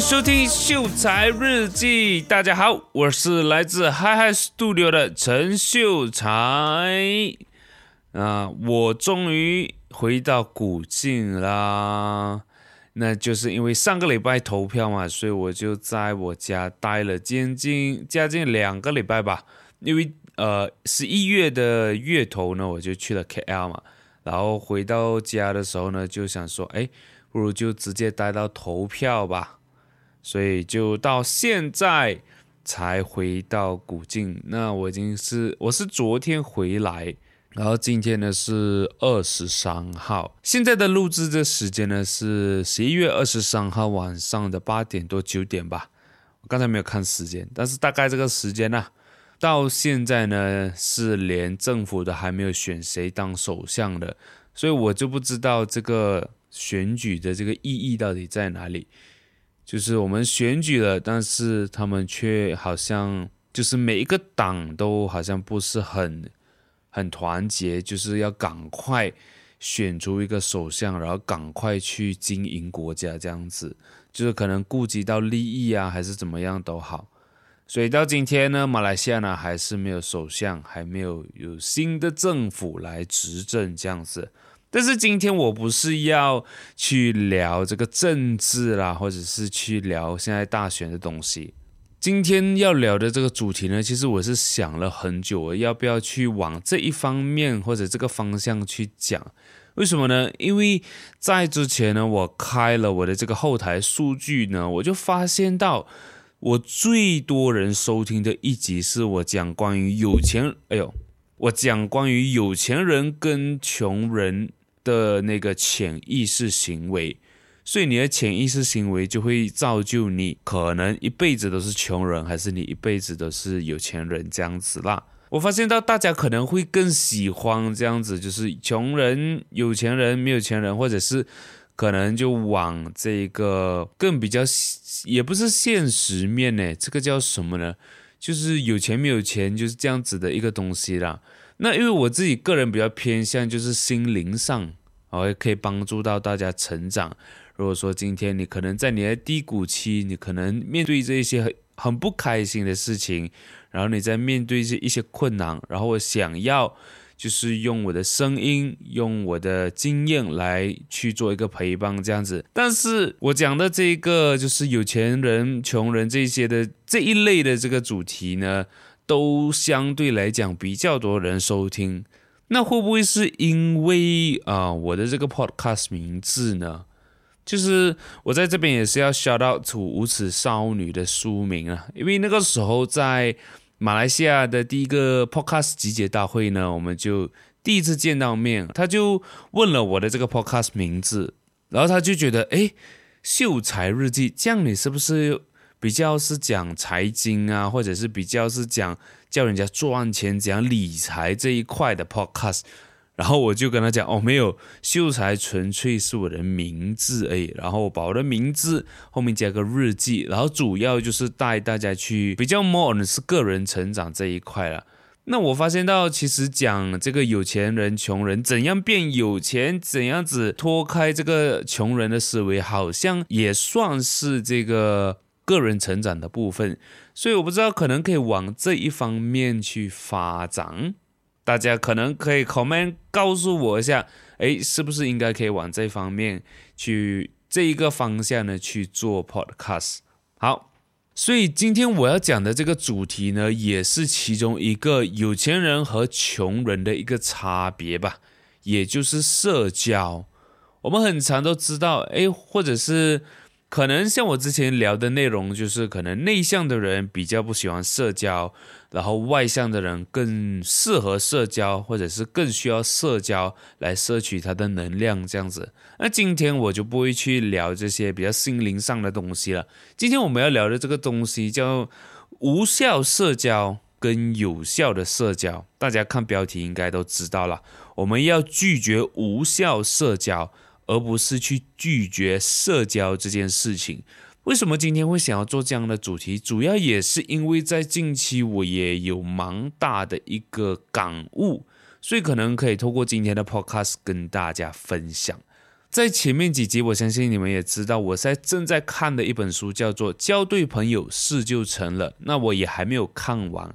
收聽秀財日記，大家好，我是來自 Hyhy Studio 的陳秀財。啊、呃，我終於回到古晉啦！那就是因為上個禮拜投票嘛，所以我就在我家待了將近將近兩個禮拜吧。因為呃，十一月的月頭呢，我就去了 KL 嘛，然後回到家的時候呢，就想說，哎，不如就直接待到投票吧。所以就到現在才回到古晉，那我已經是我是昨天回來，然後今天呢是二十三號，現在的錄制的時間呢是十一月二十三號晚上的八點多九點吧，我剛才沒有看時間，但是大概這個時間呢，啊，到現在呢是連政府都還沒有選誰當首相的，所以我就不知道這個選舉的這個意義到底在哪裡。就是我們選舉了，但是他們卻好像就是每一個黨都好像不是很很團結，就是要趕快選出一個首相，然後趕快去經營國家這樣子。就是可能顧及到利益啊，還是怎麼樣都好。所以到今天呢，馬來西亞呢還是沒有首相，還沒有有新的政府來執政這樣子。但是今天我不是要去聊這個政治啦，或者是去聊現在大選的東西。今天要聊的這個主題呢，其實我是想了很久，我要不要去往這一方面或者這個方向去講？為什麼呢？因為在之前呢，我開了我的這個後台數據呢，我就發現到我最多人收聽的一集是我講關於有錢，哎呦，我講關於有錢人跟窮人。的那個潛意識行為，所以你的潛意識行為就會造就你可能一輩子都是窮人，還是你一輩子都是有錢人這樣子啦。我發現到大家可能會更喜歡這樣子，就是窮人、有錢人、沒有錢人，或者是可能就往這個更比較，也不是現實面呢，這個叫什麼呢？就是有錢沒有錢就是這樣子的一個東西啦。那因為我自己個人比較偏向就是心靈上。我也可以幫助到大家成長。如果說今天你可能在你的低谷期，你可能面對這一些很很不開心的事情，然後你在面對一些困難，然後我想要就是用我的聲音，用我的經驗來去做一個陪伴這樣子。但是我講的這個就是有錢人、窮人這些的這一類的這個主題呢，都相對來講比較多人收聽。那會不會是因為啊、呃，我的這個 podcast 名字呢？就是我在這邊也是要 shout out to《無恥少女》的書名啊，因為那個時候在馬來西亞的第一個 podcast 集結大會呢，我們就第一次見到面，他就問了我的這個 podcast 名字，然後他就覺得，哎，秀才日記，這樣你是不是？比較是講財經啊，或者是比較是講叫人家賺錢、講理財這一塊的 podcast，然後我就跟他講哦，沒有，秀財純粹是我的名字而已，然後我把我的名字後面加個日記，然後主要就是帶大家去比較 more 是個人成長這一塊了。那我發現到其實講這個有錢人、窮人怎樣變有錢，怎樣子脫開這個窮人的思維，好像也算是這個。個人成長的部分，所以我不知道，可能可以往這一方面去發展。大家可能可以 comment 告訴我一下，誒，是不是應該可以往這方面去這一個方向呢去做 podcast？好，所以今天我要講的這個主題呢，也是其中一個有錢人和窮人的一個差別吧，也就是社交。我們很常都知道，誒，或者是。可能像我之前聊的內容，就是可能內向的人比較不喜歡社交，然後外向的人更適合社交，或者是更需要社交來攝取他的能量這樣子。那今天我就不會去聊這些比較心靈上的東西了。今天我們要聊的這個東西叫無效社交跟有效的社交，大家看標題應該都知道了。我們要拒絕無效社交，而不是去拒絕社交這件事情。為什麼今天會想要做這樣的主題？主要也是因為，在近期我也有蠻大的一個感悟，所以可能可以透過今天的 podcast 跟大家分享。在前面幾集，我相信你們也知道，我在正在看的一本書叫做《交對朋友，事就成了》。那我也還沒有看完。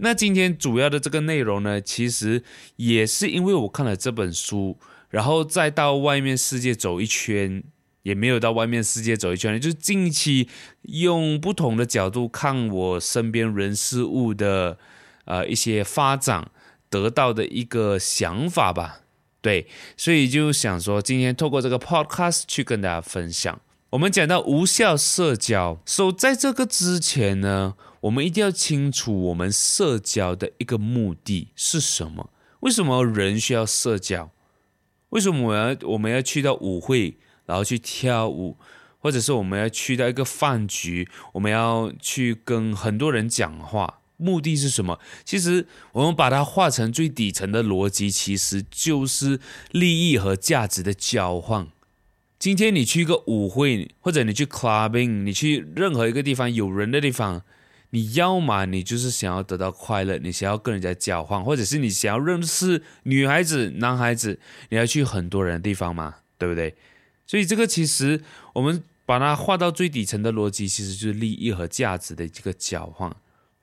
那今天主要的這個內容呢，其實也是因為我看了這本書。然後再到外面世界走一圈，也沒有到外面世界走一圈，就近期用不同的角度看我身邊人事物的，呃，一些發展得到的一個想法吧。對，所以就想說今天透過這個 podcast 去跟大家分享。我們講到無效社交，所以在這個之前呢，我們一定要清楚我們社交的一個目的是什麼？為什麼人需要社交？為什麼我們要我們要去到舞會，然後去跳舞，或者是我們要去到一個飯局，我們要去跟很多人講話，目的是什麼？其實我們把它化成最底層的邏輯，其實就是利益和價值的交換。今天你去一個舞會，或者你去 clubbing，你去任何一個地方，有人的地方。你要嘛，你就是想要得到快樂，你想要跟人家交換，或者是你想要認識女孩子、男孩子，你要去很多人的地方嘛，對不對？所以這個其實我們把它劃到最底層的邏輯，其實就是利益和價值的這個交換。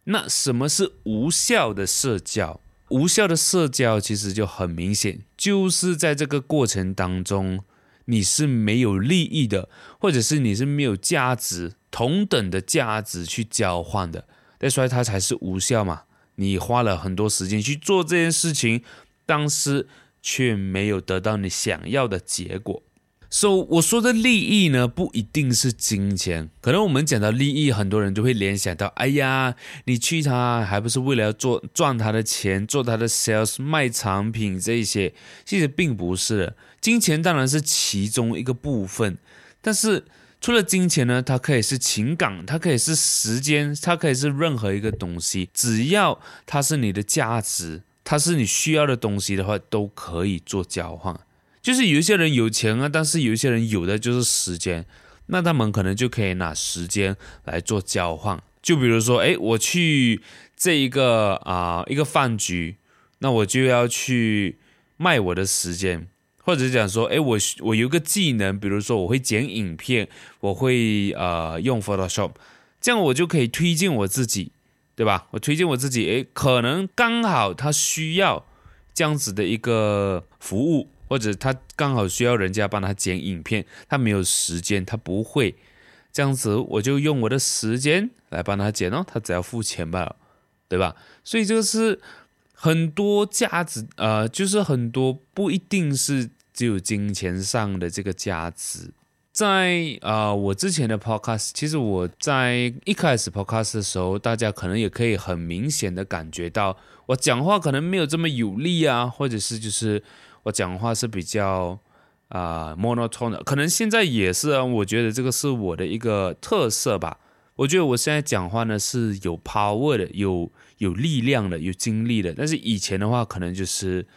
那什麼是無效的社交？無效的社交其實就很明顯，就是在這個過程當中你是沒有利益的，或者是你是沒有價值。同等的價值去交換的，所以它才是無效嘛？你花了很多時間去做這件事情，但是卻沒有得到你想要的結果。所、so, 以我說的利益呢，不一定是金錢。可能我們講到利益，很多人都會聯想到：哎呀，你去他還不是為了要做賺他的錢，做他的 sales 賣產品這些？其實並不是的，金錢當然是其中一個部分，但是。除了金錢呢，它可以是情感，它可以是時間，它可以是任何一個東西，只要它是你的價值，它是你需要的東西的話，都可以做交換。就是有一些人有錢啊，但是有一些人有的就是時間，那他們可能就可以拿時間來做交換。就比如說，哎，我去這一個啊，呃，一個飯局，那我就要去賣我的時間。或者講說，誒，我我有個技能，比如說我會剪影片，我會呃用 Photoshop，這樣我就可以推薦我自己，對吧？我推薦我自己，誒，可能剛好他需要這樣子的一個服務，或者他剛好需要人家幫他剪影片，他沒有時間，他不會，這樣子我就用我的時間來幫他剪哦，他只要付錢吧，對吧？所以這個是很多價值，呃，就是很多不一定是。只有金錢上的這個價值，在啊、呃，我之前的 podcast，其實我在一開始 podcast 的時候，大家可能也可以很明顯的感覺到，我講話可能沒有這麼有力啊，或者是就是我講話是比較啊、呃、monotone 的，可能現在也是、啊，我覺得這個是我的一個特色吧。我覺得我現在講話呢是有 power 的，有有力量的，有精力的，但是以前的話可能就是。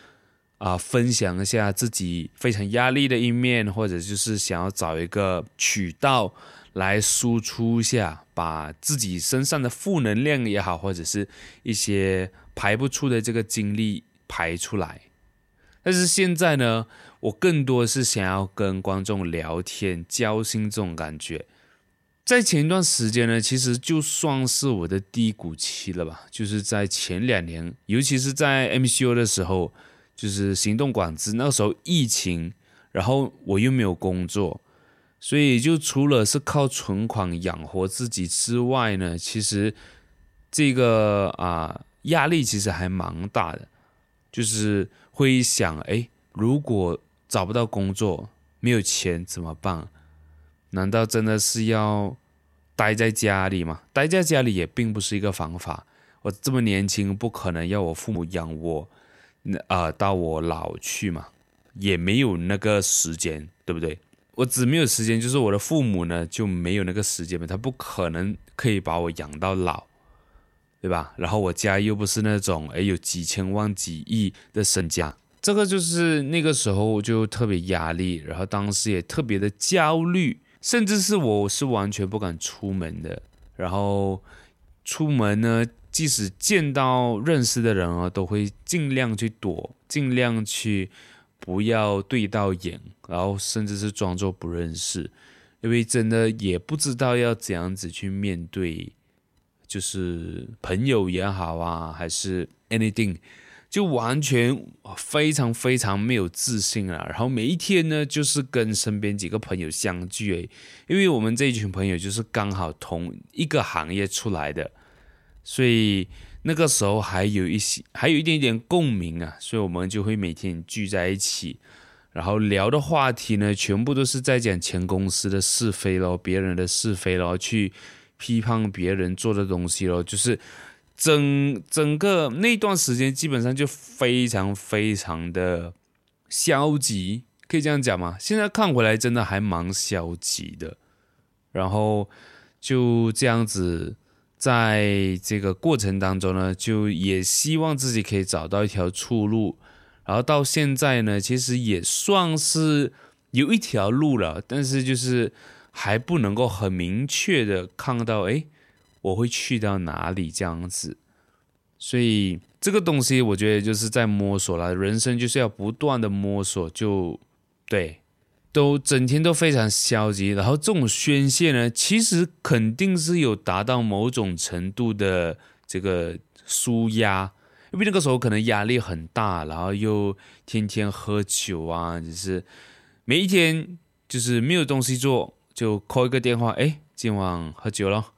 啊，分享一下自己非常壓力的一面，或者就是想要找一個渠道來輸出一下，把自己身上的負能量也好，或者是一些排不出的這個精力排出來。但是現在呢，我更多是想要跟觀眾聊天、交心這種感覺。在前一段時間呢，其實就算是我的低谷期了吧，就是在前兩年，尤其是在 MCO 的時候。就是行動管制，那時候疫情，然後我又沒有工作，所以就除了是靠存款養活自己之外呢，其實這個啊壓力其實還蠻大的，就是會想哎，如果找不到工作，沒有錢怎麼辦？難道真的是要待在家裡嗎？待在家裡也並不是一個方法。我這麼年輕，不可能要我父母養我。那啊、呃，到我老去嘛，也沒有那個時間，對不對？我只沒有時間，就是我的父母呢就沒有那個時間嘛，他不可能可以把我養到老，對吧？然後我家又不是那種，哎，有幾千萬幾億的身家，這個就是那個時候我就特別壓力，然後當時也特別的焦慮，甚至是我是完全不敢出門的，然後出門呢。即使見到認識的人啊，都會盡量去躲，盡量去不要對到眼，然後甚至是裝作不認識，因為真的也不知道要怎樣子去面對，就是朋友也好啊，還是 anything，就完全非常非常沒有自信啊，然後每一天呢，就是跟身邊幾個朋友相聚誒啊，因為我們這一群朋友就是剛好同一個行業出來的。所以那個時候還有一些，還有一點點共鳴啊，所以我們就會每天聚在一起，然後聊的話題呢，全部都是在講前公司的是非咯，別人的是非咯，去批判別人做的東西咯。就是整整個那段時間基本上就非常非常的消極，可以這樣講嗎？現在看回來，真的還蠻消極的，然後就這樣子。在這個過程當中呢，就也希望自己可以找到一條出路。然後到現在呢，其實也算是有一條路了，但是就是還不能夠很明確的看到，哎，我會去到哪裡這樣子。所以這個東西我覺得就是在摸索啦，人生就是要不斷的摸索，就對。都整天都非常消極，然後這種宣洩呢，其實肯定是有達到某種程度的這個舒壓，因為那個時候可能壓力很大，然後又天天喝酒啊，就是每一天就是沒有東西做，就 call 一個電話，誒，今晚喝酒咯。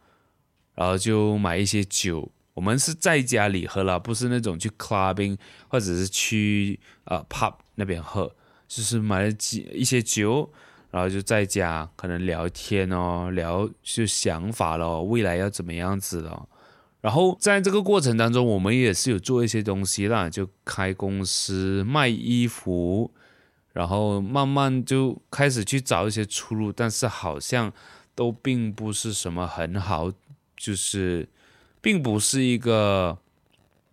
然後就買一些酒，我們是在家裡喝了，不是那種去 clubbing 或者是去呃 pub 那邊喝。就是買了幾一些酒，然後就在家可能聊天哦，聊就想法咯，未來要怎麼樣子咯。然後在這個過程當中，我們也是有做一些東西啦，就開公司賣衣服，然後慢慢就開始去找一些出路，但是好像都並不是什麼很好，就是並不是一個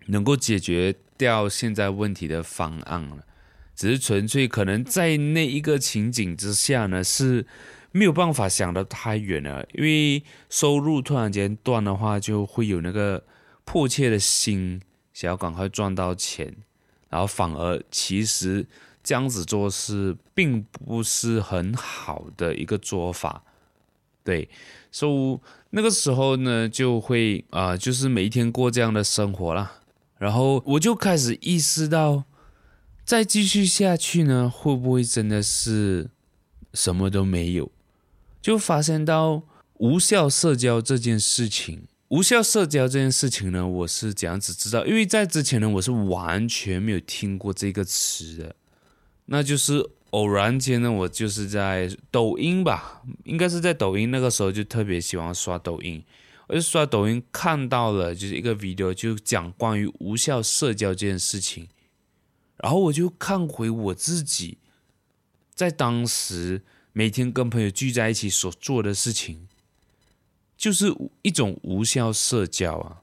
能夠解決掉現在問題的方案了。只是純粹可能在那一個情景之下呢，是沒有辦法想得太遠了，因為收入突然間斷的話，就會有那個迫切的心想要趕快賺到錢，然後反而其實這樣子做是並不是很好的一個做法，對，所以那個時候呢，就會啊、呃、就是每一天過這樣的生活啦，然後我就開始意識到。再繼續下去呢，會不會真的是什麼都沒有？就發生到無效社交這件事情。無效社交這件事情呢，我是怎樣子知道？因為在之前呢，我是完全沒有聽過這個詞的。那就是偶然間呢，我就是在抖音吧，應該是在抖音，那個時候就特別喜歡刷抖音，我就刷抖音看到了就是一個 video，就講關於無效社交這件事情。然後我就看回我自己，在當時每天跟朋友聚在一起所做的事情，就是一種無效社交啊，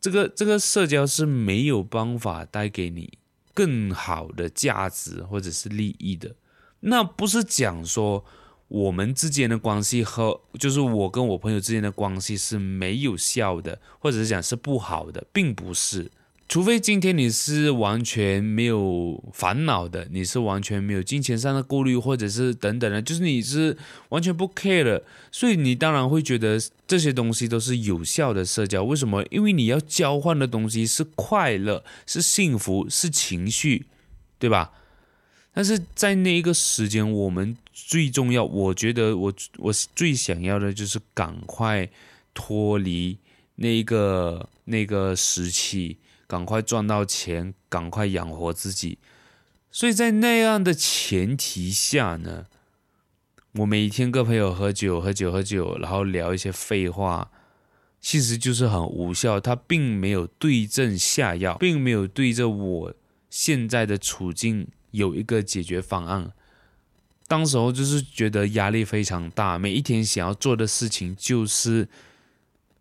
這個這個社交是沒有辦法帶給你更好的價值或者是利益的。那不是講說我們之間的關係和就是我跟我朋友之間的關係是沒有效的，或者是講是不好的，並不是。除非今天你是完全沒有煩惱的，你是完全沒有金錢上的顧慮，或者是等等的，就是你是完全不 care 了，所以你當然會覺得這些東西都是有效的社交。為什麼？因為你要交換的東西是快樂，是幸福，是情緒，對吧？但是在那一個時間，我們最重要，我覺得我我最想要的就是趕快脫離那一個那個時期。趕快賺到錢，趕快養活自己。所以在那樣的前提下呢，我每天跟朋友喝酒、喝酒、喝酒，然後聊一些廢話，其實就是很無效。他並沒有對症下藥，並沒有對着我現在的處境有一個解決方案。當時候就是覺得壓力非常大，每一天想要做的事情就是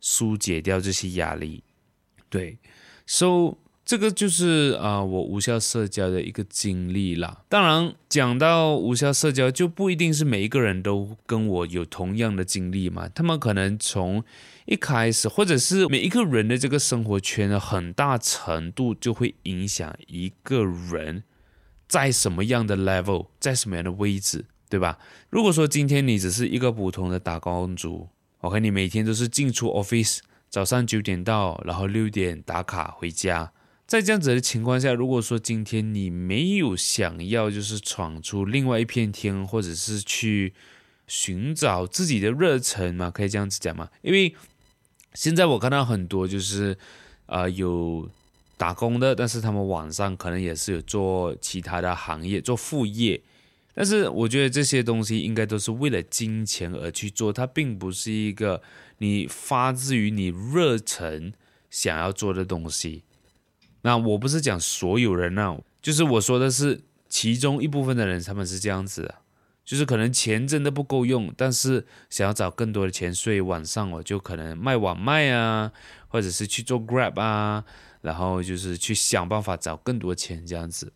疏解掉這些壓力。對。So，這個就是啊、呃，我無效社交的一個經歷啦。當然，講到無效社交，就不一定是每一個人都跟我有同樣的經歷嘛。他們可能從一開始，或者是每一個人的這個生活圈呢，很大程度就會影響一個人在什麼樣的 level，在什麼樣的位置，對吧？如果說今天你只是一個普通的打工族，我看你每天都是進出 office。早上九點到，然後六點打卡回家。在這樣子的情況下，如果說今天你沒有想要就是闖出另外一片天，或者是去尋找自己的熱忱嘛，可以這樣子講嘛？因為現在我看到很多就是，啊、呃，有打工的，但是他們晚上可能也是有做其他的行業，做副業。但是我覺得這些東西應該都是為了金錢而去做，它並不是一個你發自於你熱忱想要做的東西。那我不是講所有人啊，就是我說的是其中一部分的人，他們是這樣子的，就是可能錢真的不夠用，但是想要找更多的錢，所以晚上我就可能賣網賣啊，或者是去做 Grab 啊，然後就是去想辦法找更多錢這樣子。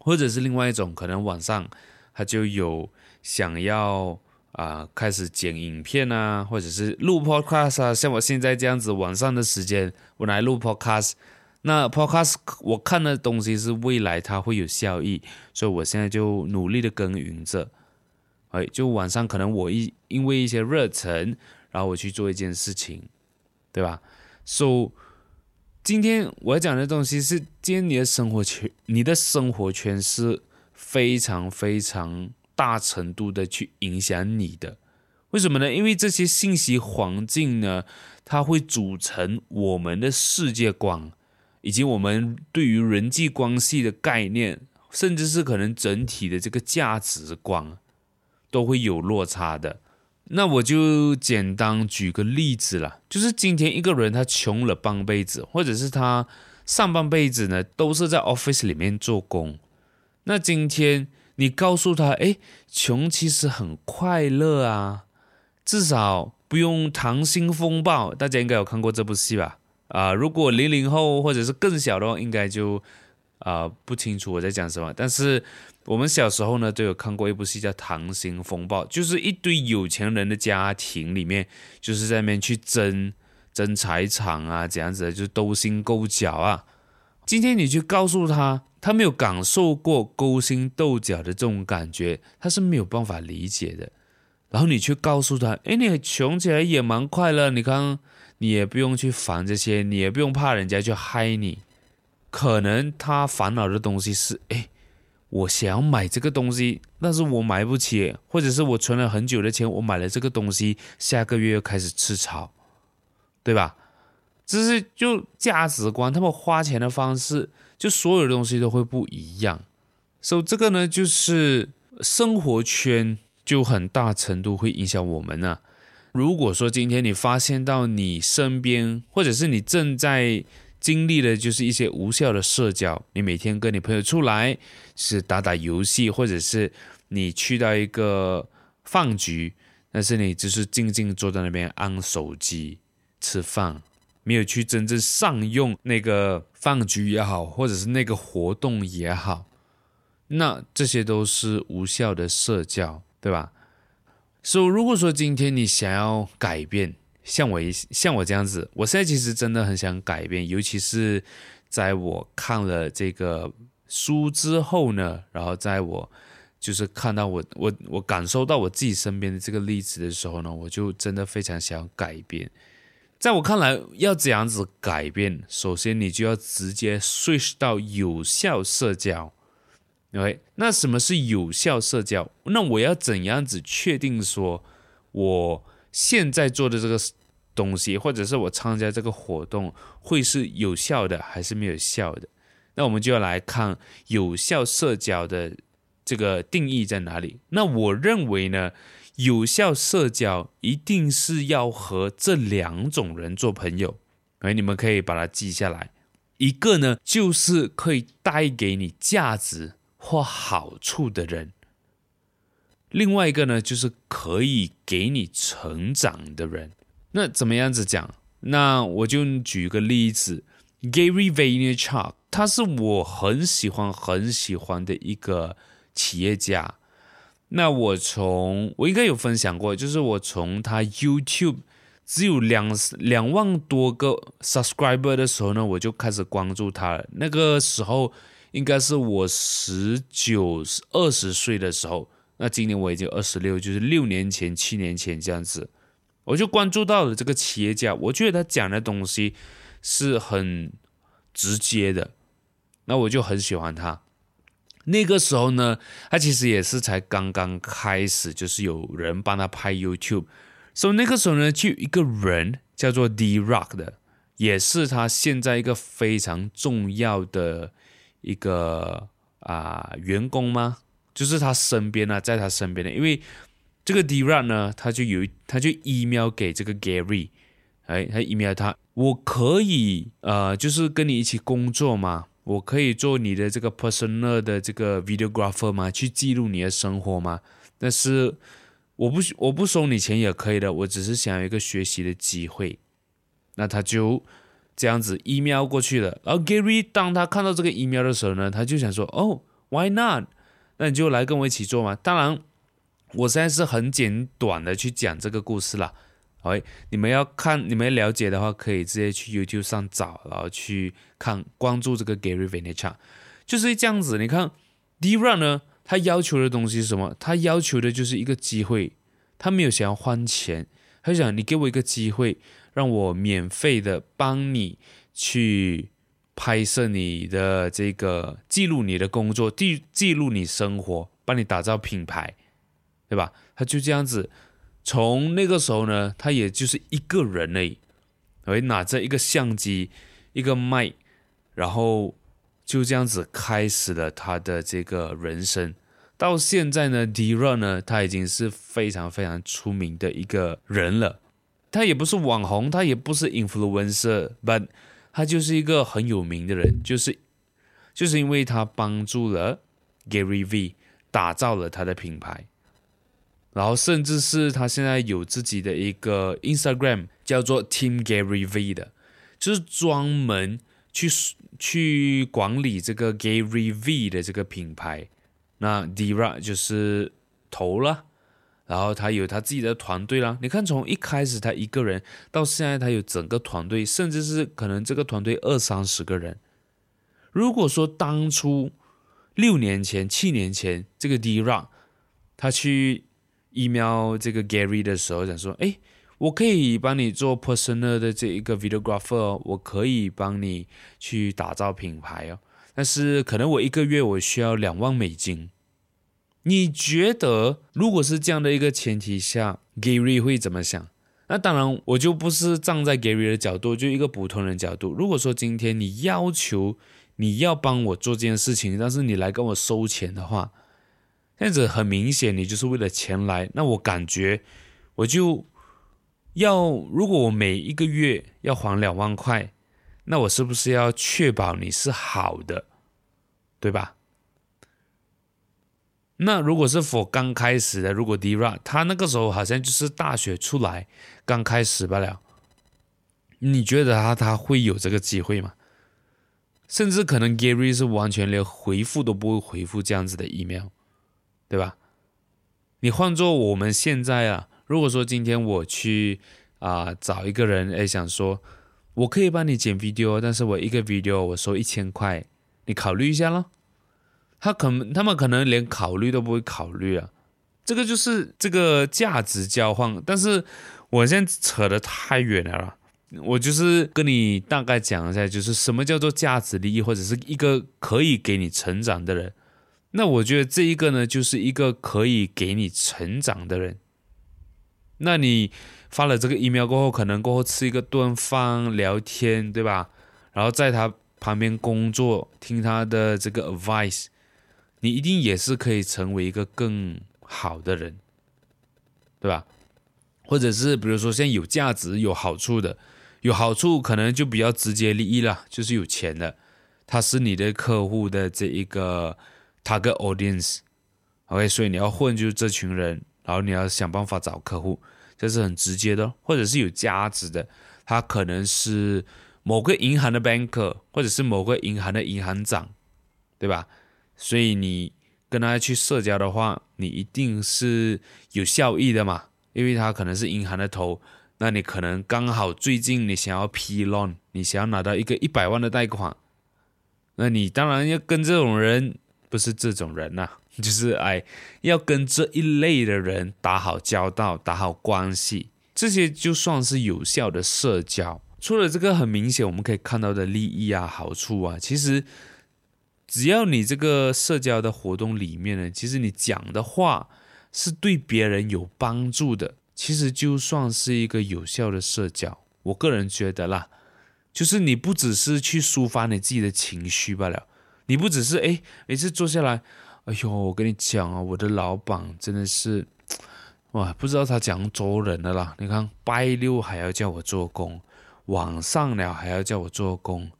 或者是另外一種，可能晚上他就有想要啊、呃，開始剪影片啊，或者是錄 podcast 啊，像我現在這樣子，晚上的時間我來錄 podcast。那 podcast 我看的東西是未來它會有效益，所以我現在就努力的耕耘着。哎，就晚上可能我一因為一些熱忱，然後我去做一件事情，對吧？所以，so，今天我講的東西是。今天你的生活圈，你的生活圈是非常非常大程度的去影響你的。為什麼呢？因為這些信息環境呢，它會組成我們的世界觀，以及我們對於人際關係的概念，甚至是可能整體的這個價值觀，都會有落差的。那我就簡單舉個例子啦，就是今天一個人他窮了半輩子，或者是他。上半輩子呢，都是在 office 裡面做工，那今天你告訴他，哎，窮其實很快樂啊，至少不用《溏心風暴》。大家應該有看過這部戲吧？啊、呃，如果零零後或者是更小的話，應該就啊、呃，不清楚我在講什麼。但是我們小時候呢，都有看過一部戲叫《溏心風暴》，就是一堆有錢人的家庭裡面，就是在那邊去爭。爭財產啊，這樣子的，就是勾心勾角啊。今天你去告訴他，他沒有感受過勾心鬥角的這種感覺，他是沒有辦法理解的。然後你去告訴他，哎，你窮起來也蠻快樂。你看，你也不用去煩這些，你也不用怕人家去害你。可能他煩惱的東西是，哎，我想要買這個東西，但是我買不起，或者是我存了很久的錢，我買了這個東西，下個月又開始吃草。對吧？這是就價值觀，他們花錢的方式，就所有的東西都會不一樣。所、so, 以這個呢，就是生活圈就很大程度會影響我們呢、啊，如果說今天你發現到你身邊，或者是你正在經歷的，就是一些無效的社交，你每天跟你朋友出來是打打遊戲，或者是你去到一個飯局，但是你只是靜靜坐在那邊按手機。吃飯沒有去真正上用那個飯局也好，或者是那個活動也好，那這些都是無效的社交，對吧？所以如果說今天你想要改變，像我像我這樣子，我現在其實真的很想改變，尤其是在我看了這個書之後呢，然後在我就是看到我我我，感受到我自己身邊的這個例子的時候呢，我就真的非常想改變。在我看來，要這樣子改變，首先你就要直接 switch 到有效社交。OK，那什麼是有效社交？那我要怎樣子確定說我現在做的這個東西，或者是我參加這個活動會是有效的還是沒有效的？那我們就要來看有效社交的這個定義在哪裡。那我認為呢？有效社交一定是要和這兩種人做朋友，哎，你們可以把它記下來。一個呢，就是可以帶給你價值或好處的人；另外一個呢，就是可以給你成長的人。那怎麼樣子講？那我就舉一個例子，Gary Vaynerchuk，他是我很喜歡、很喜歡的一個企業家。那我從，我應該有分享過，就是我從他 YouTube 只有兩兩萬多個 subscriber 的時候呢，我就開始關注他了。那個時候應該是我十九、二十歲的時候，那今年我已經二十六，就是六年前、七年前這樣子，我就關注到了這個企業家。我覺得他講的東西是很直接的，那我就很喜歡他。那個時候呢，他其實也是才剛剛開始，就是有人幫他拍 YouTube。所、so, 以那個時候呢，就有一個人叫做 D Rock 的，也是他現在一個非常重要的一個啊、呃呃、員工嘛？就是他身邊呢、啊，在他身邊的，因為這個 D Rock 呢，他就有他就 email 給這個 Gary，哎，他 email 他，我可以呃，就是跟你一起工作嗎？我可以做你的這個 personal 的這個 videographer 嗎？去記錄你的生活嗎？但是我不我不收你錢也可以的，我只是想要一個學習的機會。那他就這樣子 email 過去了。而 Gary 當他看到這個 email 的時候呢，他就想說：“哦，why not？那你就來跟我一起做嘛。”當然，我現在是很簡短的去講這個故事了。哎，你們要看，你們要了解的話，可以直接去 YouTube 上找，然後去看，關注這個 Gary Vaynerchuk 就是這樣子。你看 DRock 呢，他要求的東西是什麼？他要求的就是一個機會，他沒有想要換錢，他想你給我一個機會，讓我免費的幫你去拍攝你的這個記錄你的工作，記記錄你生活，幫你打造品牌，對吧？他就這樣子。從那個時候呢，他也就是一個人而已，哎，拿着一個相機，一個麥，然後就這樣子開始了他的這個人生。到現在呢，Drun 呢，他已經是非常非常出名的一個人了。他也不是網紅，他也不是 influencer，but 他就是一個很有名的人，就是就是因為他幫助了 Gary V 打造了他的品牌。然後，甚至是他現在有自己的一個 Instagram，叫做 Team Gary V 的，就是專門去去管理這個 Gary V 的這個品牌。那 Dira 就是投了，然後他有他自己的團隊啦，你看，從一開始他一個人，到現在他有整個團隊，甚至是可能這個團隊二三十個人。如果說當初六年前、七年前這個 Dira 他去。Email 這個 Gary 的時候，想說：“誒，我可以幫你做 personal 的這一個 videographer，我可以幫你去打造品牌哦。但是可能我一個月我需要兩萬美金。你覺得如果是這樣的一個前提下，Gary 會怎麼想？那當然，我就不是站在 Gary 的角度，就一個普通人的角度。如果說今天你要求你要幫我做這件事情，但是你來跟我收錢的話。”這樣子很明顯，你就是為了錢來。那我感覺，我就要，如果我每一個月要還兩萬塊，那我是不是要確保你是好的，對吧？那如果是否剛開始的，如果 Dira，他那個時候好像就是大學出來剛開始罷了，你覺得他他會有這個機會嗎？甚至可能 Gary 是完全連回復都不會回復這樣子的 email。對吧？你換做我們現在啊，如果說今天我去啊、呃、找一個人，哎，想說我可以幫你剪 video，但是我一個 video 我收一千塊，你考慮一下咯。他可能他們可能連考慮都不會考慮啊，這個就是這個價值交換。但是我現在扯得太遠了啦，我就是跟你大概講一下，就是什麼叫做價值利益，或者是一個可以給你成長的人。那我覺得這一個呢，就是一個可以給你成長的人。那你發了這個 Email 過後，可能過後吃一個頓飯聊天，對吧？然後在他旁邊工作，聽他的這個 advice，你一定也是可以成為一個更好的人，對吧？或者是比如說現在有價值、有好處的，有好處可能就比較直接利益了，就是有錢的，他是你的客戶的這一個。Target audience，OK，、okay, 所以你要混就是這群人，然後你要想辦法找客戶，這是很直接的，或者是有價值的。他可能是某個銀行的 banker，或者是某個銀行的銀行長，對吧？所以你跟他去社交的話，你一定是有效益的嘛，因為他可能是銀行的頭，那你可能剛好最近你想要批 loan，你想要拿到一個一百萬的貸款，那你當然要跟這種人。不是這種人吶、啊，就是哎，要跟這一類的人打好交道，打好關係，這些就算是有效的社交。除了這個很明顯我們可以看到的利益啊、好處啊，其實只要你這個社交的活動裡面呢，其實你講的話是對別人有幫助的，其實就算是一個有效的社交。我個人覺得啦，就是你不只是去抒發你自己的情緒罷了。你不只是哎，每次坐下來，哎呦，我跟你講啊，我的老板真的是，哇，不知道他怎樣招人的啦。你看，拜六還要叫我做工，晚上了還要叫我做工，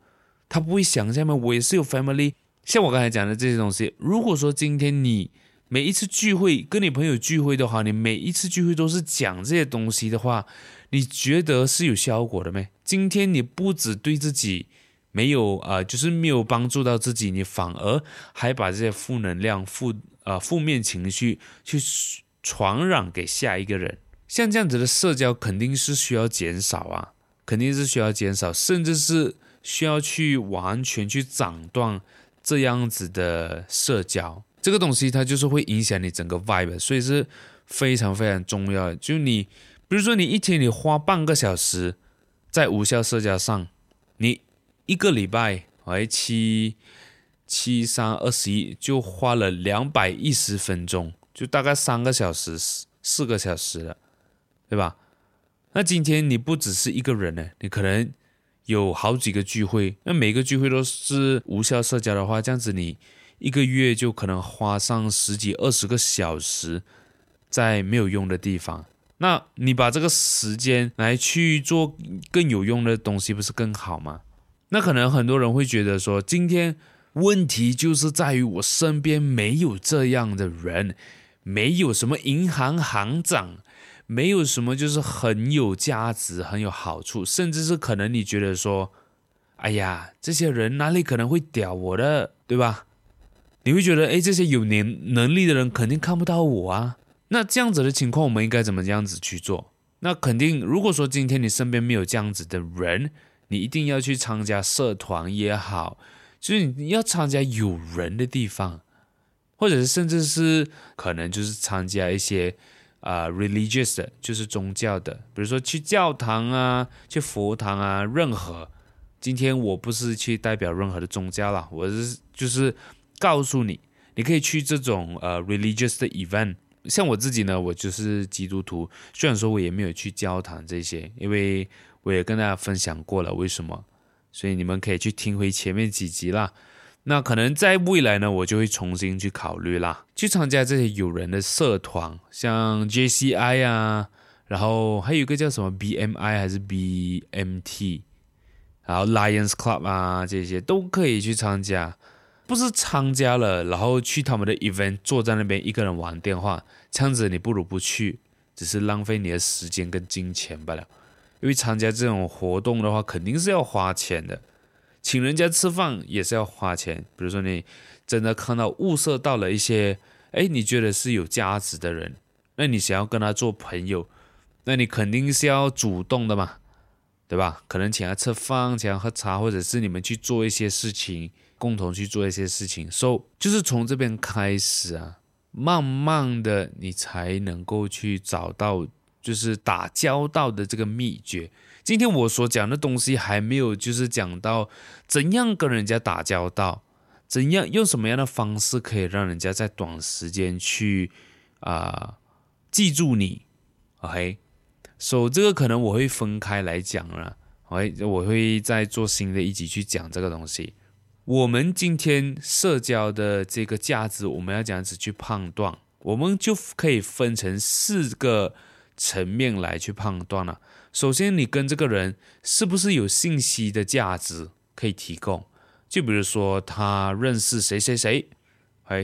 他不會想一下嗎？我也是有 family。像我剛才講的這些東西，如果說今天你每一次聚會跟你朋友聚會都好，你每一次聚會都是講這些東西的話，你覺得是有效果的沒？今天你不止對自己。沒有啊、呃，就是沒有幫助到自己，你反而還把這些負能量、負啊、呃、負面情緒去傳染給下一個人。像這樣子的社交肯定是需要減少啊，肯定是需要減少，甚至是需要去完全去斬斷這樣子的社交。這個東西它就是會影響你整個 vibe，所以是非常非常重要的。就你，比如說你一天你花半個小時在無效社交上，你。一個禮拜欸，七七三二十一，7, 7, 3, 21，就花了兩百一十分鐘，就大概三個小時四四個小時了，對吧？那今天你不只是一個人呢，你可能有好幾個聚會，那每個聚會都是無效社交的話，這樣子你一個月就可能花上十幾二十個小時在沒有用的地方，那你把這個時間來去做更有用的東西，不是更好嗎？那可能很多人會覺得說，今天問題就是在於我身邊沒有這樣的人，沒有什麼銀行行長，沒有什麼就是很有價值、很有好處，甚至是可能你覺得說，哎呀，這些人哪裡可能會屌我的，對吧？你會覺得，哎，這些有能力的人肯定看不到我啊。那這樣子的情況，我們應該怎麼這樣子去做？那肯定，如果說今天你身邊沒有這樣子的人，你一定要去參加社團也好，就是你要參加有人的地方，或者甚至是可能就是參加一些啊、uh, religious 的，就是宗教的，比如說去教堂啊，去佛堂啊，任何。今天我不是去代表任何的宗教啦，我是就是告訴你，你可以去這種呃、uh, religious 的 event。像我自己呢，我就是基督徒，雖然說我也沒有去教堂這些，因為，我也跟大家分享過了，為什麼？所以你們可以去聽回前面幾集了。那可能在未來呢，我就會重新去考慮啦，去參加這些友人的社團，像 JCI 啊，然後還有一個叫什麼 BMI 還是 BMT，然後 Lions Club 啊這些都可以去參加。不是參加了，然後去他們的 event 坐在那邊一個人玩電話，這樣子你不如不去，只是浪費你的時間跟金錢罷了。因為參加這種活動的話，肯定是要花錢的，請人家吃飯也是要花錢。比如說你真的看到物色到了一些，哎，你覺得是有價值的人，那你想要跟他做朋友，那你肯定是要主動的嘛，對吧？可能請他吃飯，請他喝茶，或者是你們去做一些事情，共同去做一些事情，So, 就是從這邊開始啊，慢慢的你才能夠去找到。就是打交道的這個祕訣。今天我所講的東西還沒有，就是講到怎樣跟人家打交道，怎樣用什麼樣的方式可以讓人家在短時間去啊、呃、記住你，OK？So，這個可能我會分開來講了，okay? 我會再做新的一集去講這個東西。我們今天社交的這個價值，我們要這樣子去判斷。我們就可以分成四個。層面來去判斷了啊。首先，你跟這個人是不是有信息的價值可以提供？就比如說他認識誰誰誰，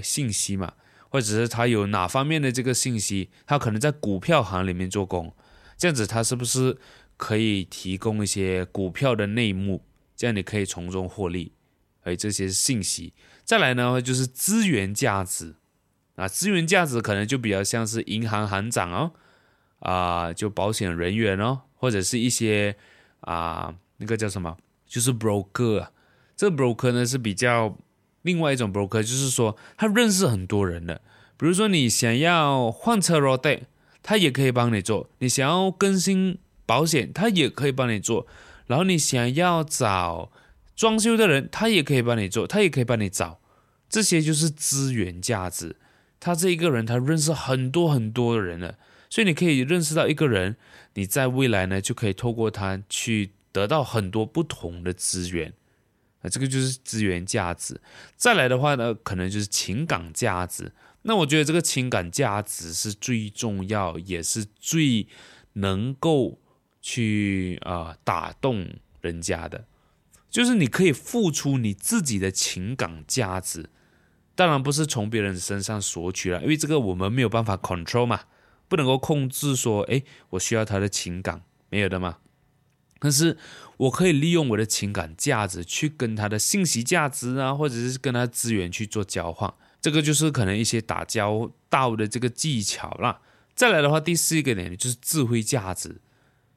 誒，信息嘛，或者是他有哪方面的這個信息，他可能在股票行裡面做工，這樣子他是不是可以提供一些股票的內幕，這樣你可以從中獲利。誒，這些信息。再來呢，就是資源價值啊，資源價值可能就比較像是銀行行長哦。啊、呃，就保險人員哦，或者是一些啊、呃，那個叫什麼，就是 broker、啊。這個、broker 呢是比較另外一種 broker，就是說他認識很多人的，比如說你想要換車 roadtax，他也可以幫你做；你想要更新保險，他也可以幫你做；然後你想要找裝修的人，他也可以幫你做，他也可以幫你找。這些就是資源價值。他這一個人，他認識很多很多的人了。所以你可以認識到一個人，你在未來呢就可以透過他去得到很多不同的資源，啊，這個就是資源價值。再來的話呢，可能就是情感價值。那我覺得這個情感價值是最重要，也是最能夠去啊打動人家的，就是你可以付出你自己的情感價值，當然不是從別人身上索取了，因為這個我們沒有辦法 control 嘛。不能夠控制說，哎，我需要他的情感沒有的嗎？但是，我可以利用我的情感價值去跟他的信息價值啊，或者是跟他資源去做交換，這個就是可能一些打交道的這個技巧啦。再來的話，第四一個點就是智慧價值，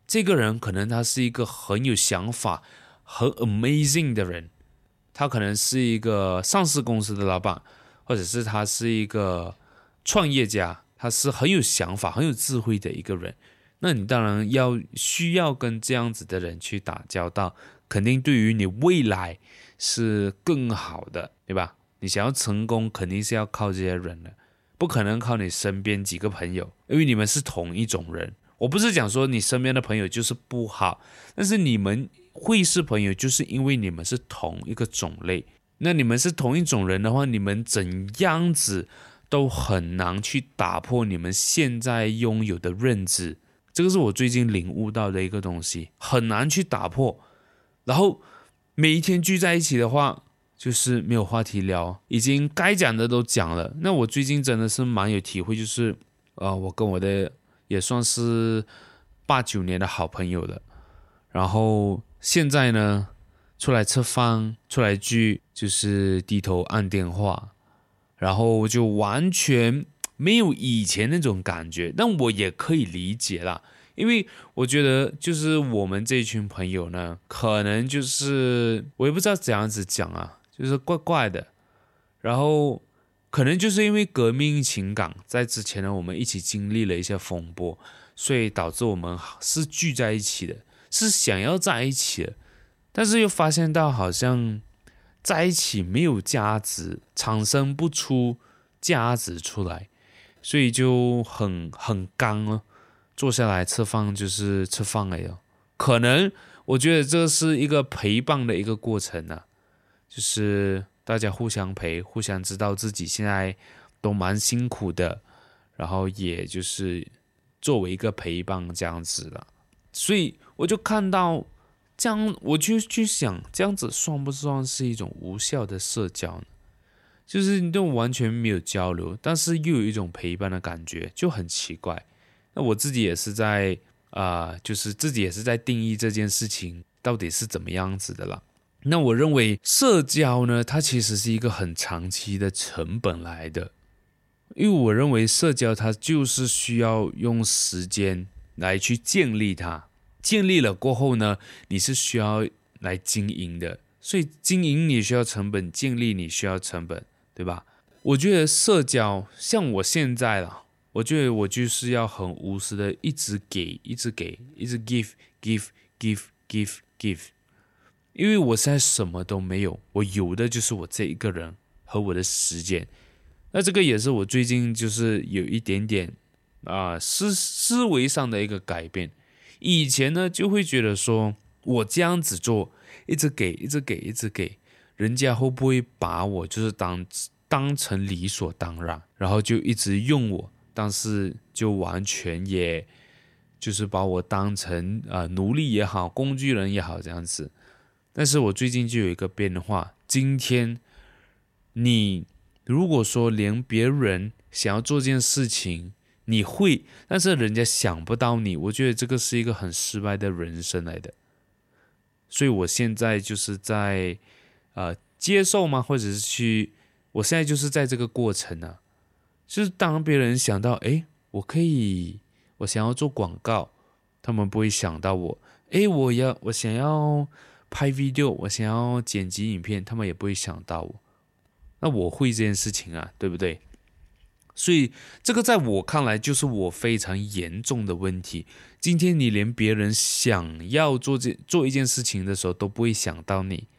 這個人可能他是一個很有想法、很 amazing 的人，他可能是一個上市公司的老闆，或者是他是一個創業家。他是很有想法、很有智慧的一個人，那你當然要需要跟這樣子的人去打交道，肯定對於你未來是更好的，對吧？你想要成功，肯定是要靠這些人的，不可能靠你身邊幾個朋友，因為你們是同一種人。我不是講說你身邊的朋友就是不好，但是你們會是朋友，就是因為你們是同一個種類。那你們是同一種人的話，你們怎樣子？都很難去打破你們現在擁有的認知，這個是我最近領悟到的一個東西，很難去打破。然後每一天聚在一起的話，就是沒有話題聊，已經該講的都講了。那我最近真的是蠻有體會，就是，呃，啊我跟我的也算是八九年的好朋友了。然後現在呢，出來吃飯，出來聚，就是低頭按電話。然後我就完全沒有以前那種感覺，但我也可以理解啦，因為我覺得就是我們這群朋友呢，可能就是我也不知道怎樣子講啊，就是怪怪的。然後可能就是因為革命情感，在之前呢，我們一起經歷了一些風波，所以導致我們是聚在一起的，是想要在一起的，但是又發現到好像。在一起沒有價值，產生不出價值出來，所以就很很剛哦。坐下來吃飯就是吃飯了喲，可能我覺得這是一個陪伴的一個過程呢、啊，就是大家互相陪，互相知道自己現在都蠻辛苦的，然後也就是作為一個陪伴這樣子的，所以我就看到。這樣，我就去想，這樣子算不算是一種無效的社交呢？就是你都完全沒有交流，但是又有一種陪伴的感覺，就很奇怪。那我自己也是在啊、呃，就是自己也是在定義這件事情到底是怎麼樣子的了。那我認為社交呢，它其實是一個很長期的成本來的，因為我認為社交它就是需要用時間來去建立它。建立了過後呢，你是需要來經營的，所以經營你需要成本，建立你需要成本，對吧？我覺得社交，像我現在啊，我覺得我就是要很無私的，一直給，一直給，一直 give give give give give，因為我現在什麼都沒有，我有的就是我這一個人和我的時間，那這個也是我最近就是有一點點啊思思維上的一個改變。以前呢，就會覺得說我這樣子做，一直給，一直給，一直給，人家會不會把我就是當當成理所當然，然後就一直用我，但是就完全也，就是把我當成呃奴隸也好，工具人也好，這樣子。但是我最近就有一個變化，今天你如果說連別人想要做件事情。你會，但是人家想不到你，我覺得這個是一個很失敗的人生來的。所以我現在就是在，呃，接受嗎？或者是去？我現在就是在這個過程呢，啊，就是當別人想到，誒，我可以，我想要做廣告，他們不會想到我，誒，我要，我想要拍 video，我想要剪輯影片，他們也不會想到我。那我會這件事情啊，對不對？所以，這個在我看來就是我非常嚴重的問題。今天你連別人想要做這做一件事情的時候都不會想到你，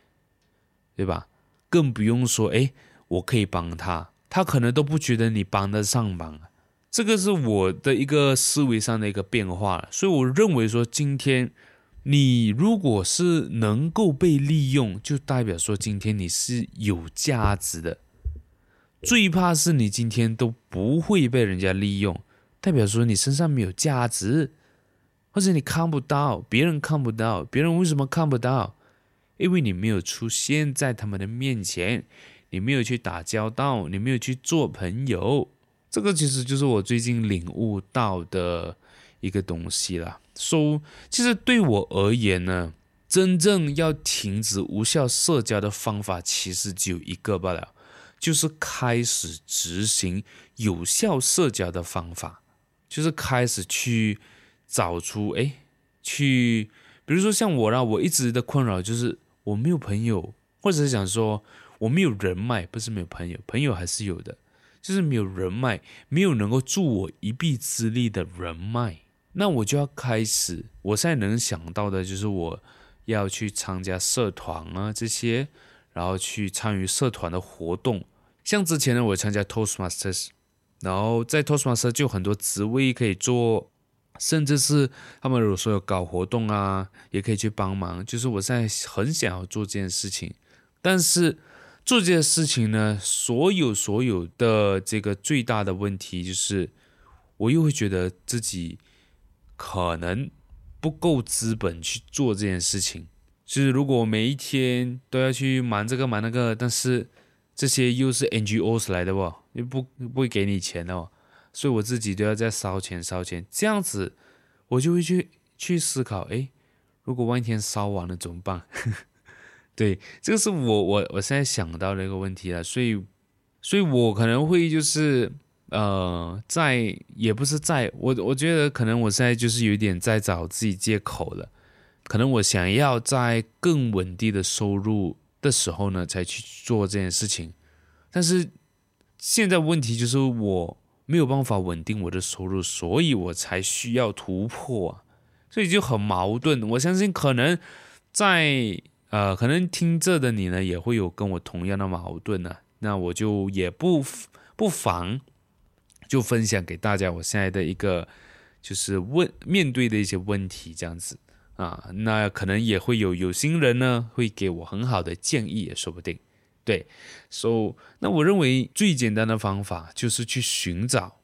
對吧？更不用說，哎，我可以幫他，他可能都不覺得你幫得上忙。這個是我的一個思維上的一個變化。所以我認為說，今天你如果是能夠被利用，就代表說今天你是有價值的。最怕是你今天都不會被人家利用，代表說你身上沒有價值，或者你看不到，別人看不到，別人為什麼看不到？因為你沒有出現在他們的面前，你沒有去打交道，你沒有去做朋友。這個其實就是我最近領悟到的一個東西啦。說、So，其實對我而言呢，真正要停止無效社交的方法其實只有一個罷了。就是開始執行有效社交的方法，就是開始去找出，誒，去比如說像我啦，我一直的困擾就是我沒有朋友，或者是想說我沒有人脈，不是沒有朋友，朋友還是有的，就是沒有人脈，沒有能夠助我一臂之力的人脈，那我就要開始，我現在能想到的就是我要去參加社團啊這些，然後去參與社團的活動。像之前呢，我參加 Toastmasters，然後在 Toastmasters 就有很多職位可以做，甚至是他們如果說有搞活動啊，也可以去幫忙。就是我現在很想要做這件事情，但是做這件事情呢，所有所有的這個最大的問題就是，我又會覺得自己可能不夠資本去做這件事情。就是如果我每一天都要去忙這個忙那個，但是。這些又是 NGOs 來的哦，又不不會給你錢哦，所以我自己都要在燒錢燒錢。這樣子，我就會去去思考，哎，如果萬一天燒完了怎麼辦？呵呵，對，這個是我我我現在想到的一個問題了。所以，所以我可能會就是呃，在也不是在，我我覺得可能我現在就是有點在找自己借口了。可能我想要在更穩定的收入。的時候呢，才去做這件事情。但是現在問題就是我沒有辦法穩定我的收入，所以我才需要突破，所以就很矛盾。我相信可能在呃，可能聽著的你呢，也會有跟我同樣的矛盾呢、啊。那我就也不不妨就分享給大家，我現在的一個就是問面對的一些問題，這樣子。啊，那可能也會有有心人呢，會給我很好的建議也說不定。對，所以，so，那我認為最簡單的方法就是去尋找，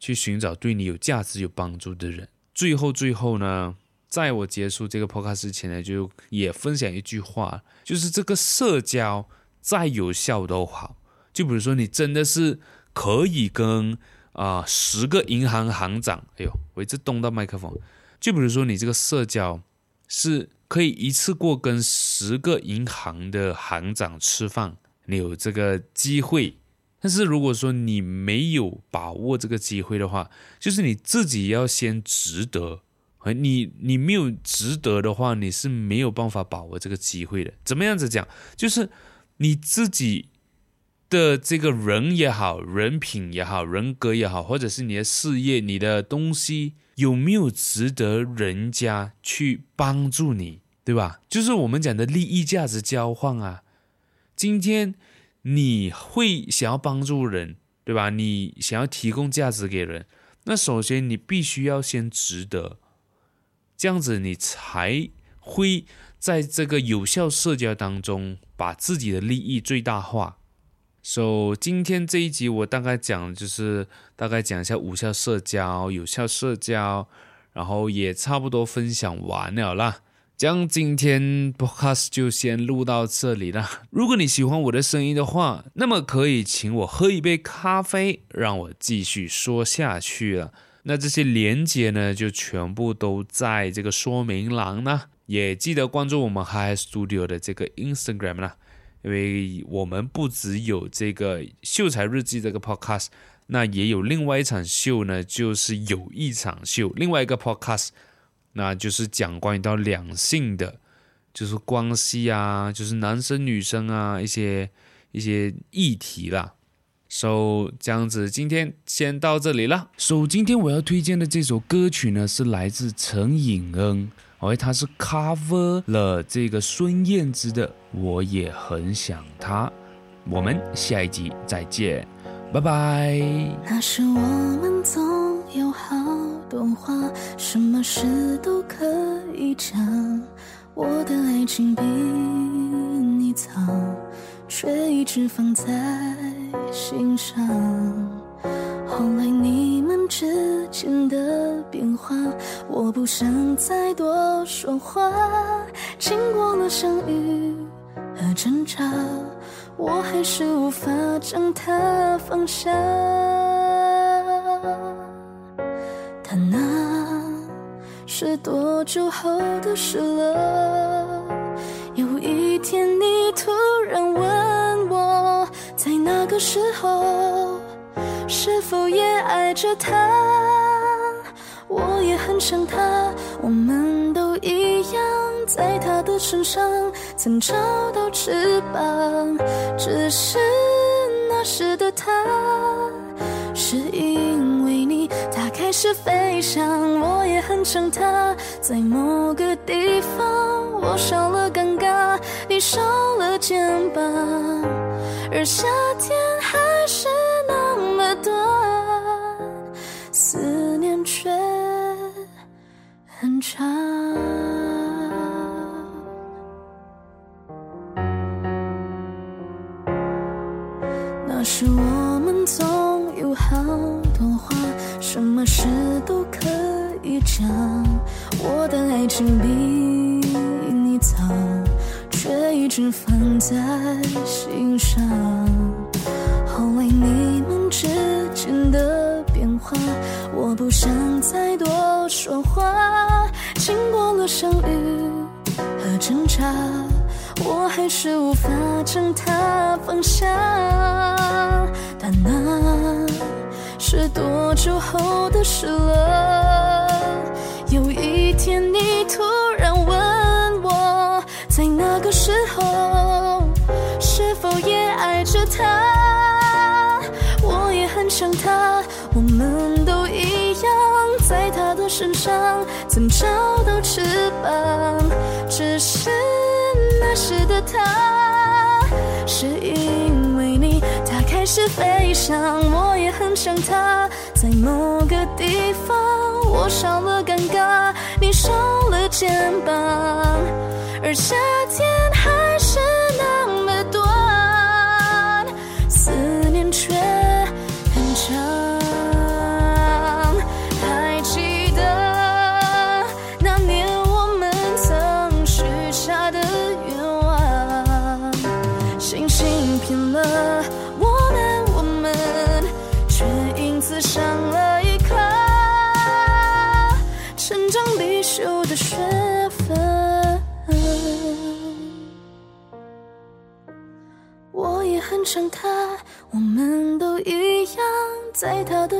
去尋找對你有價值、有幫助的人。最後最後呢，在我結束這個 podcast 之前呢，就也分享一句話，就是這個社交再有效都好，就比如說你真的是可以跟啊、呃、十個銀行行長，哎呦，我一直動到麥克風，就比如說你這個社交。是可以一次過跟十個銀行的行長吃飯，你有這個機會。但是如果說你沒有把握這個機會的話，就是你自己要先值得。你你沒有值得的話，你是沒有辦法把握這個機會的。怎麼樣子講？就是你自己的這個人也好，人品也好，人格也好，或者是你的事業、你的東西。有沒有值得人家去幫助你，對吧？就是我們講的利益價值交換啊。今天你會想要幫助人，對吧？你想要提供價值給人，那首先你必須要先值得，這樣子你才會在這個有效社交當中把自己的利益最大化。so 今天這一集我大概講就是大概講一下無效社交、有效社交，然後也差不多分享完了啦。將今天 Podcast 就先錄到這裡了。如果你喜歡我的聲音的話，那麼可以請我喝一杯咖啡，讓我繼續說下去了。那這些連接呢，就全部都在這個說明欄呢，也記得關注我們 Hyhy Studio 的這個 Instagram 啦。因為我們不只有這個《秀財日記》這個 podcast，那也有另外一場秀呢，就是有一場秀，另外一個 podcast，那就是講關於到兩性的，就是關係啊，就是男生女生啊，一些一些議題啦。So, 這樣子，今天先到這裡啦。So, 今天我要推薦的這首歌曲呢，是來自陳穎恩。而他是 cover 了這個孫燕姿的，我也很想他。我們下一集再見，拜拜。那時我們總有好多話，什麼事都可以講。我的愛情比你早，卻一直放在心上。後來你。時間的變化，我不想再多說話。經過了相遇和掙扎，我還是無法將它放下。但那是多久後的事了？有一天你突然問我，在那個時候？是否也愛着他？我也很想他。我們都一樣，在他的身上曾找到翅膀。只是那時的他，是因為你，他開始飛翔。我也很想他，在某個地方，我少了尷尬，你少了肩膀，而夏天還是。短，那段思念卻很長。那時我們總有好多話，什麼事都可以講。我的愛情比你早，卻一直放在心上。後來你。我不想再多說話。經過了相遇和掙扎，我還是無法將他放下。但那是多久後的事了？有一天你突然問我，在那個時候是否也愛着他？我也很想他。找到翅膀，只是那時的他，是因為你，他開始飛翔，我也很想他，在某個地方，我少了尷尬，你少了肩膀，而夏天還。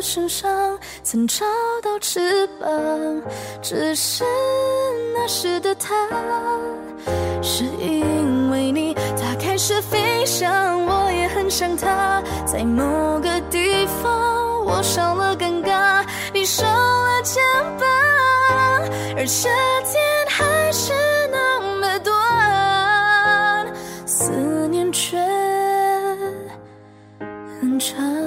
身上曾找到翅膀，只是那時的他，是因為你，他開始飛翔。我也很想他，在某個地方。我少了尷尬，你少了肩膀，而夏天還是那麼短，思念卻很長。